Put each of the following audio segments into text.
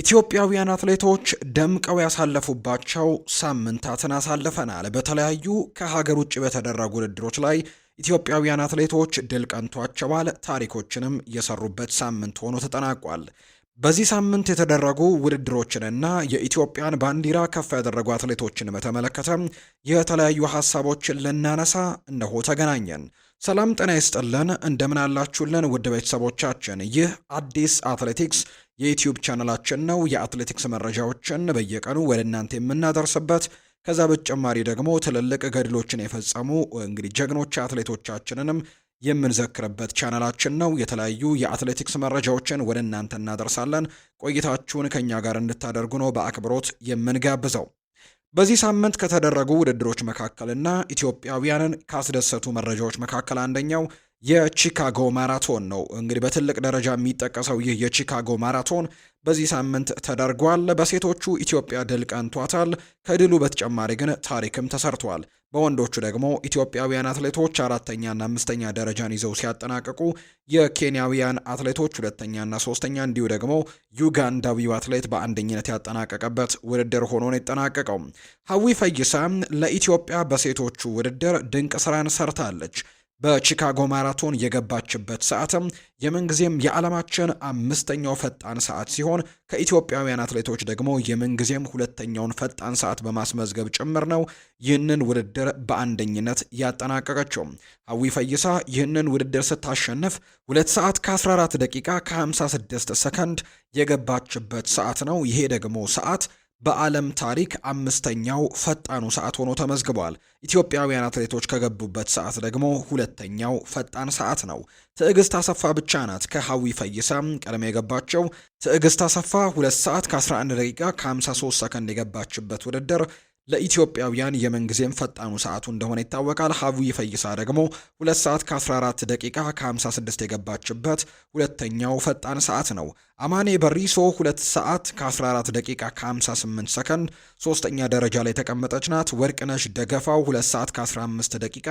ኢትዮጵያውያን አትሌቶች ደምቀው ያሳለፉባቸው ሳምንታትን አሳልፈናል። በተለያዩ ከሀገር ውጭ በተደረጉ ውድድሮች ላይ ኢትዮጵያውያን አትሌቶች ድል ቀንቷቸዋል። ታሪኮችንም የሰሩበት ሳምንት ሆኖ ተጠናቋል። በዚህ ሳምንት የተደረጉ ውድድሮችንና የኢትዮጵያን ባንዲራ ከፍ ያደረጉ አትሌቶችን በተመለከተ የተለያዩ ሀሳቦችን ልናነሳ እነሆ ተገናኘን። ሰላም ጤና ይስጥልን፣ እንደምን አላችሁልን ውድ ቤተሰቦቻችን። ይህ አዲስ አትሌቲክስ የዩትዩብ ቻናላችን ነው። የአትሌቲክስ መረጃዎችን በየቀኑ ወደ እናንተ የምናደርስበት ከዛ በተጨማሪ ደግሞ ትልልቅ ገድሎችን የፈጸሙ እንግዲህ ጀግኖች አትሌቶቻችንንም የምንዘክርበት ቻናላችን ነው። የተለያዩ የአትሌቲክስ መረጃዎችን ወደ እናንተ እናደርሳለን። ቆይታችሁን ከእኛ ጋር እንድታደርጉ ነው በአክብሮት የምንጋብዘው። በዚህ ሳምንት ከተደረጉ ውድድሮች መካከልና ኢትዮጵያውያንን ካስደሰቱ መረጃዎች መካከል አንደኛው የቺካጎ ማራቶን ነው። እንግዲህ በትልቅ ደረጃ የሚጠቀሰው ይህ የቺካጎ ማራቶን በዚህ ሳምንት ተደርጓል። በሴቶቹ ኢትዮጵያ ድል ቀንቷታል። ከድሉ በተጨማሪ ግን ታሪክም ተሰርቷል። በወንዶቹ ደግሞ ኢትዮጵያውያን አትሌቶች አራተኛና አምስተኛ ደረጃን ይዘው ሲያጠናቅቁ የኬንያውያን አትሌቶች ሁለተኛና ሶስተኛ እንዲሁ ደግሞ ዩጋንዳዊው አትሌት በአንደኝነት ያጠናቀቀበት ውድድር ሆኖ ነው የጠናቀቀው። ሀዊ ፈይሳ ለኢትዮጵያ በሴቶቹ ውድድር ድንቅ ስራን ሰርታለች። በቺካጎ ማራቶን የገባችበት ሰዓትም የምንጊዜም የዓለማችን አምስተኛው ፈጣን ሰዓት ሲሆን ከኢትዮጵያውያን አትሌቶች ደግሞ የምንጊዜም ሁለተኛውን ፈጣን ሰዓት በማስመዝገብ ጭምር ነው ይህንን ውድድር በአንደኝነት ያጠናቀቀችው። ሀዊ ፈይሳ ይህንን ውድድር ስታሸንፍ ሁለት ሰዓት ከ14 ደቂቃ ከ56 ሰከንድ የገባችበት ሰዓት ነው። ይሄ ደግሞ ሰዓት በዓለም ታሪክ አምስተኛው ፈጣኑ ሰዓት ሆኖ ተመዝግቧል። ኢትዮጵያውያን አትሌቶች ከገቡበት ሰዓት ደግሞ ሁለተኛው ፈጣን ሰዓት ነው። ትዕግስት አሰፋ ብቻ ናት ከሀዊ ፈይሳ ቀደም የገባቸው። ትዕግስት አሰፋ 2 ሰዓት ከ11 ደቂቃ ከ53 ሰከንድ የገባችበት ውድድር ለኢትዮጵያውያን የምንጊዜም ፈጣኑ ሰዓቱ እንደሆነ ይታወቃል። ሀቡ ይፈይሳ ደግሞ ሁለት ሰዓት ከ14 ደቂቃ ከ56 የገባችበት ሁለተኛው ፈጣን ሰዓት ነው። አማኔ በሪሶ ሁለት ሰዓት ከ14 ደቂቃ ከ58 ሰከንድ ሶስተኛ ደረጃ ላይ የተቀመጠች ናት። ወርቅነሽ ደገፋው ሁለት ሰዓት ከ15 ደቂቃ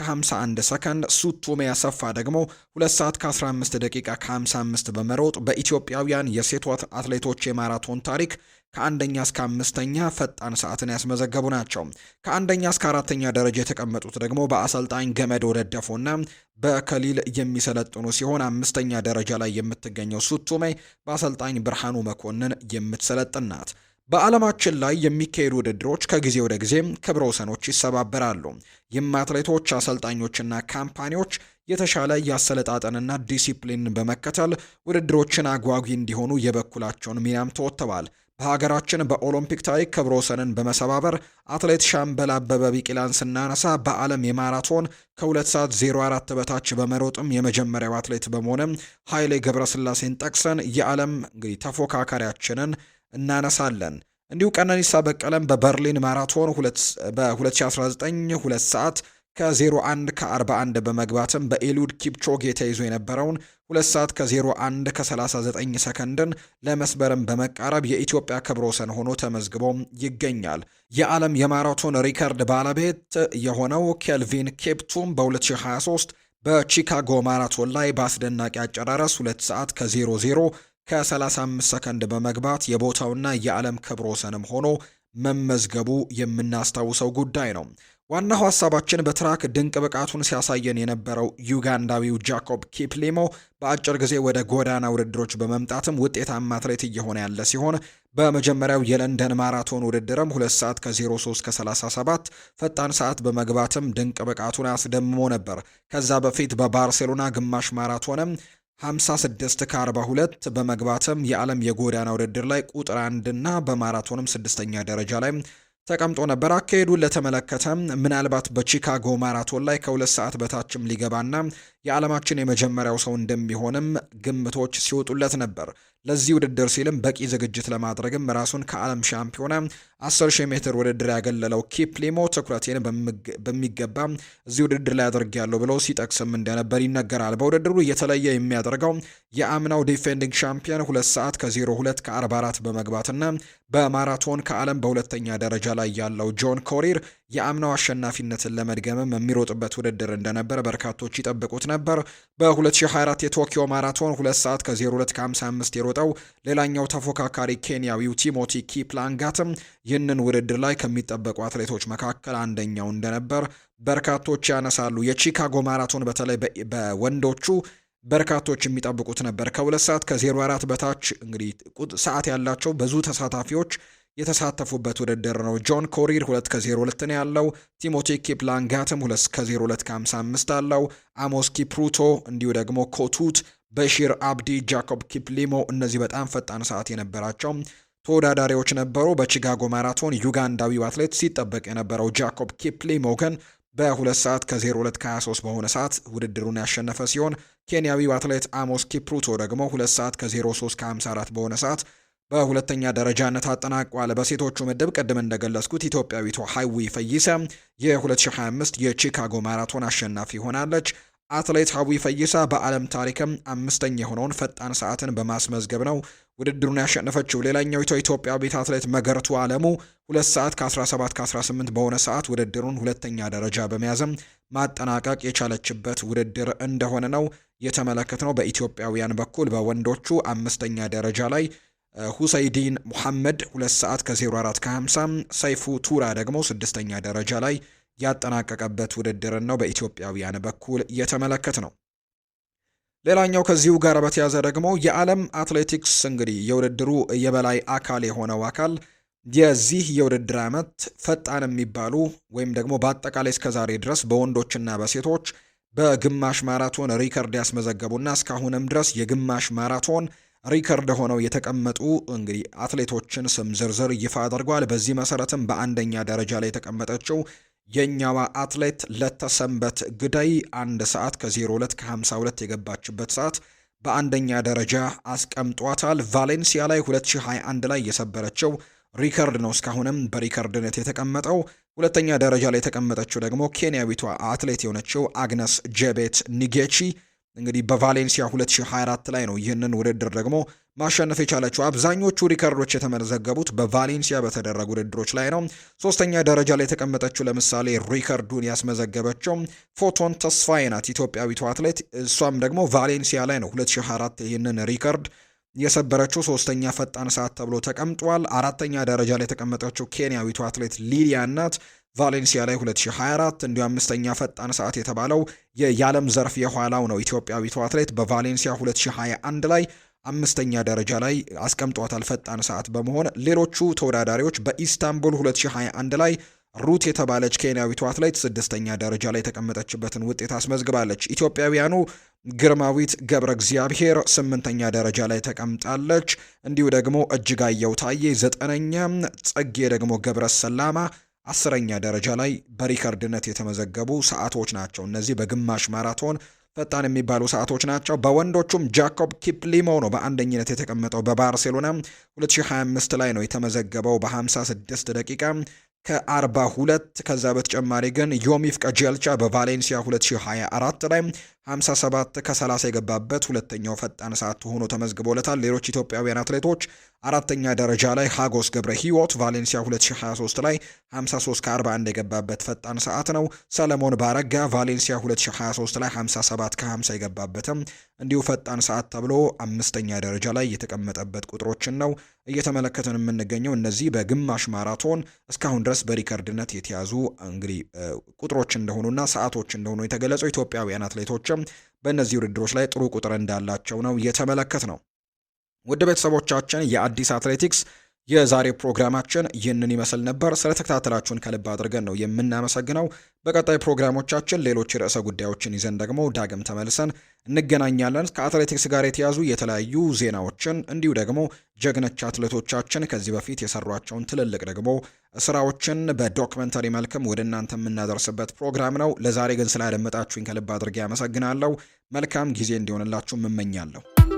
ከ51 ሰከንድ፣ ሱቱሜ ያሰፋ ደግሞ ሁለት ሰዓት ከ15 ደቂቃ ከ55 በመሮጥ በኢትዮጵያውያን የሴቷ አትሌቶች የማራቶን ታሪክ ከአንደኛ እስከ አምስተኛ ፈጣን ሰዓትን ያስመዘገቡ ናቸው። ከአንደኛ እስከ አራተኛ ደረጃ የተቀመጡት ደግሞ በአሰልጣኝ ገመድ ወደደፎና በከሊል የሚሰለጥኑ ሲሆን አምስተኛ ደረጃ ላይ የምትገኘው ሱቱሜ በአሰልጣኝ ብርሃኑ መኮንን የምትሰለጥን ናት። በዓለማችን ላይ የሚካሄዱ ውድድሮች ከጊዜ ወደ ጊዜ ክብረ ወሰኖች ይሰባበራሉ። ይህም አትሌቶች፣ አሰልጣኞችና ካምፓኒዎች የተሻለ የአሰለጣጠንና ዲሲፕሊን በመከተል ውድድሮችን አጓጊ እንዲሆኑ የበኩላቸውን ሚናም ተወጥተዋል። በሀገራችን በኦሎምፒክ ታሪክ ክብረ ወሰንን በመሰባበር አትሌት ሻምበል አበበ ቢቂላን ስናነሳ በዓለም የማራቶን ከ2 ሰዓት 04 በታች በመሮጥም የመጀመሪያው አትሌት በመሆንም ኃይሌ ገብረስላሴን ጠቅሰን የዓለም እንግዲህ ተፎካካሪያችንን እናነሳለን። እንዲሁ ቀነኒሳ በቀለም በበርሊን ማራቶን በ2019 2 ሰዓት ከ01 ከ41 በመግባትም በኤሉድ ኪፕቾጌ ተይዞ የነበረውን 2 ሰዓት ከ01 ከ39 ሰከንድን ለመስበርም በመቃረብ የኢትዮጵያ ክብረ ወሰን ሆኖ ተመዝግቦ ይገኛል። የዓለም የማራቶን ሪከርድ ባለቤት የሆነው ኬልቪን ኬፕቱም በ2023 በቺካጎ ማራቶን ላይ በአስደናቂ አጨራረስ 2 ሰዓት ከ00 ከ35 ሰከንድ በመግባት የቦታውና የዓለም ክብረ ወሰንም ሆኖ መመዝገቡ የምናስታውሰው ጉዳይ ነው። ዋናው ሀሳባችን በትራክ ድንቅ ብቃቱን ሲያሳየን የነበረው ዩጋንዳዊው ጃኮብ ኪፕሊሞ በአጭር ጊዜ ወደ ጎዳና ውድድሮች በመምጣትም ውጤታማ አትሌት እየሆነ ያለ ሲሆን በመጀመሪያው የለንደን ማራቶን ውድድርም 2 ሰዓት ከ03 ከ37 ፈጣን ሰዓት በመግባትም ድንቅ ብቃቱን አስደምሞ ነበር። ከዛ በፊት በባርሴሎና ግማሽ ማራቶንም 56 ከ42 በመግባትም የዓለም የጎዳና ውድድር ላይ ቁጥር አንድና በማራቶንም ስድስተኛ ደረጃ ላይ ተቀምጦ ነበር። አካሄዱን ለተመለከተ ምናልባት በቺካጎ ማራቶን ላይ ከሁለት ሰዓት በታችም ሊገባና የዓለማችን የመጀመሪያው ሰው እንደሚሆንም ግምቶች ሲወጡለት ነበር። ለዚህ ውድድር ሲልም በቂ ዝግጅት ለማድረግም ራሱን ከዓለም ሻምፒዮና 10 ሺህ ሜትር ውድድር ያገለለው ኪፕሊሞ ትኩረቴን በሚገባ እዚህ ውድድር ላይ አድርጌያለሁ ብሎ ሲጠቅስም እንደነበር ይነገራል። በውድድሩ የተለየ የሚያደርገው የአምናው ዲፌንዲንግ ሻምፒዮን 2 ሰዓት ከ02 ከ44 በመግባትና በማራቶን ከዓለም በሁለተኛ ደረጃ ላይ ያለው ጆን ኮሪር የአምናው አሸናፊነትን ለመድገምም የሚሮጥበት ውድድር እንደነበር በርካቶች ይጠብቁት ነበር። ነበር። በ2024 የቶኪዮ ማራቶን 2 ሰዓት ከ02 55 የሮጠው ሌላኛው ተፎካካሪ ኬንያዊው ቲሞቲ ኪፕላንጋትም ይህንን ውድድር ላይ ከሚጠበቁ አትሌቶች መካከል አንደኛው እንደነበር በርካቶች ያነሳሉ። የቺካጎ ማራቶን በተለይ በወንዶቹ በርካቶች የሚጠብቁት ነበር። ከሁለት ሰዓት ከ04 በታች እንግዲህ ሰዓት ያላቸው ብዙ ተሳታፊዎች የተሳተፉበት ውድድር ነው። ጆን ኮሪር 2 ከ02 ነው ያለው። ቲሞቲ ኪፕላንጋትም 2 ከ02 ከ55 አለው። አሞስ ኪፕሩቶ እንዲሁ ደግሞ ኮቱት፣ በሺር አብዲ፣ ጃኮብ ኪፕሊሞ እነዚህ በጣም ፈጣን ሰዓት የነበራቸው ተወዳዳሪዎች ነበሩ። በቺካጎ ማራቶን ዩጋንዳዊው አትሌት ሲጠበቅ የነበረው ጃኮብ ኪፕሊሞ ግን በ2 ሰዓት ከ02 ከ23 በሆነ ሰዓት ውድድሩን ያሸነፈ ሲሆን ኬንያዊው አትሌት አሞስ ኪፕሩቶ ደግሞ 2 ሰዓት ከ03 ከ54 በሆነ ሰዓት በሁለተኛ ደረጃነት አጠናቋል። በሴቶቹ ምድብ ቅድም እንደገለጽኩት ኢትዮጵያዊቷ ሀይዊ ፈይሰ የ2025 የቺካጎ ማራቶን አሸናፊ ሆናለች። አትሌት ሀዊ ፈይሳ በዓለም ታሪክም አምስተኛ የሆነውን ፈጣን ሰዓትን በማስመዝገብ ነው ውድድሩን ያሸነፈችው። ሌላኛው ኢትዮጵያዊት አትሌት መገርቱ አለሙ ሁለት ሰዓት ከ17 ከ18 በሆነ ሰዓት ውድድሩን ሁለተኛ ደረጃ በመያዝም ማጠናቀቅ የቻለችበት ውድድር እንደሆነ ነው የተመለከት ነው። በኢትዮጵያውያን በኩል በወንዶቹ አምስተኛ ደረጃ ላይ ሁሰይዲን ሙሐመድ 2 ሰዓት ከ04 ከ50፣ ሰይፉ ቱራ ደግሞ ስድስተኛ ደረጃ ላይ ያጠናቀቀበት ውድድርን ነው በኢትዮጵያውያን በኩል እየተመለከት ነው። ሌላኛው ከዚሁ ጋር በተያዘ ደግሞ የዓለም አትሌቲክስ እንግዲህ የውድድሩ የበላይ አካል የሆነው አካል የዚህ የውድድር ዓመት ፈጣን የሚባሉ ወይም ደግሞ በአጠቃላይ እስከዛሬ ድረስ በወንዶችና በሴቶች በግማሽ ማራቶን ሪከርድ ያስመዘገቡና እስካሁንም ድረስ የግማሽ ማራቶን ሪከርድ ሆነው የተቀመጡ እንግዲህ አትሌቶችን ስም ዝርዝር ይፋ አድርጓል። በዚህ መሰረትም በአንደኛ ደረጃ ላይ የተቀመጠችው የኛዋ አትሌት ለተሰንበት ግዳይ አንድ ሰዓት ከ02 ከ52 የገባችበት ሰዓት በአንደኛ ደረጃ አስቀምጧታል። ቫሌንሲያ ላይ 2021 ላይ የሰበረችው ሪከርድ ነው። እስካሁንም በሪከርድነት የተቀመጠው ሁለተኛ ደረጃ ላይ የተቀመጠችው ደግሞ ኬንያዊቷ አትሌት የሆነችው አግነስ ጄቤት ኒጌቺ እንግዲህ በቫሌንሲያ 2024 ላይ ነው ይህንን ውድድር ደግሞ ማሸነፍ የቻለችው። አብዛኞቹ ሪከርዶች የተመዘገቡት በቫሌንሲያ በተደረጉ ውድድሮች ላይ ነው። ሶስተኛ ደረጃ ላይ የተቀመጠችው ለምሳሌ ሪከርዱን ያስመዘገበችው ፎቶን ተስፋዬ ናት፣ ኢትዮጵያዊቱ አትሌት። እሷም ደግሞ ቫሌንሲያ ላይ ነው 2024 ይህንን ሪከርድ የሰበረችው ሶስተኛ ፈጣን ሰዓት ተብሎ ተቀምጧል። አራተኛ ደረጃ ላይ የተቀመጠችው ኬንያዊቱ አትሌት ሊሊያን ናት። ቫሌንሲያ ላይ 2024 እንዲሁ አምስተኛ ፈጣን ሰዓት የተባለው የዓለም ዘርፍ የኋላው ነው። ኢትዮጵያዊቱ አትሌት በቫሌንሲያ 2021 ላይ አምስተኛ ደረጃ ላይ አስቀምጧታል ፈጣን ሰዓት በመሆን ሌሎቹ ተወዳዳሪዎች በኢስታንቡል 2021 ላይ ሩት የተባለች ኬንያዊቱ አትሌት ስድስተኛ ደረጃ ላይ የተቀመጠችበትን ውጤት አስመዝግባለች። ኢትዮጵያውያኑ ግርማዊት ገብረ እግዚአብሔር ስምንተኛ ደረጃ ላይ ተቀምጣለች። እንዲሁ ደግሞ እጅጋየው ታዬ ዘጠነኛ፣ ጸጌ ደግሞ ገብረ ሰላማ አስረኛ ደረጃ ላይ በሪከርድነት የተመዘገቡ ሰዓቶች ናቸው። እነዚህ በግማሽ ማራቶን ፈጣን የሚባሉ ሰዓቶች ናቸው። በወንዶቹም ጃኮብ ኪፕሊሞ ነው በአንደኝነት የተቀመጠው። በባርሴሎና 2025 ላይ ነው የተመዘገበው በ56 ደቂቃ ከ42። ከዛ በተጨማሪ ግን ዮሚፍ ቀጀልቻ በቫሌንሲያ 2024 ላይ 57 ከ30 የገባበት ሁለተኛው ፈጣን ሰዓት ሆኖ ተመዝግቦለታል። ሌሎች ኢትዮጵያውያን አትሌቶች አራተኛ ደረጃ ላይ ሀጎስ ገብረ ሕይወት ቫሌንሲያ 2023 ላይ 53 ከ41 የገባበት ፈጣን ሰዓት ነው። ሰለሞን ባረጋ ቫሌንሲያ 2023 ላይ 57 ከ50 የገባበትም እንዲሁ ፈጣን ሰዓት ተብሎ አምስተኛ ደረጃ ላይ የተቀመጠበት ቁጥሮችን ነው እየተመለከትን የምንገኘው። እነዚህ በግማሽ ማራቶን እስካሁን ድረስ በሪከርድነት የተያዙ እንግዲህ ቁጥሮች እንደሆኑና ሰዓቶች እንደሆኑ የተገለጸው ኢትዮጵያውያን አትሌቶች ተጫዋቾችም በእነዚህ ውድድሮች ላይ ጥሩ ቁጥር እንዳላቸው ነው እየተመለከት ነው። ውድ ቤተሰቦቻችን የአዲስ አትሌቲክስ የዛሬ ፕሮግራማችን ይህንን ይመስል ነበር። ስለተከታተላችሁን ከልብ አድርገን ነው የምናመሰግነው። በቀጣይ ፕሮግራሞቻችን ሌሎች ርዕሰ ጉዳዮችን ይዘን ደግሞ ዳግም ተመልሰን እንገናኛለን። ከአትሌቲክስ ጋር የተያዙ የተለያዩ ዜናዎችን እንዲሁ ደግሞ ጀግነች አትሌቶቻችን ከዚህ በፊት የሰሯቸውን ትልልቅ ደግሞ ስራዎችን በዶክመንተሪ መልክም ወደ እናንተ የምናደርስበት ፕሮግራም ነው። ለዛሬ ግን ስላደመጣችሁኝ ከልብ አድርጌ ያመሰግናለሁ። መልካም ጊዜ እንዲሆንላችሁ እመኛለሁ።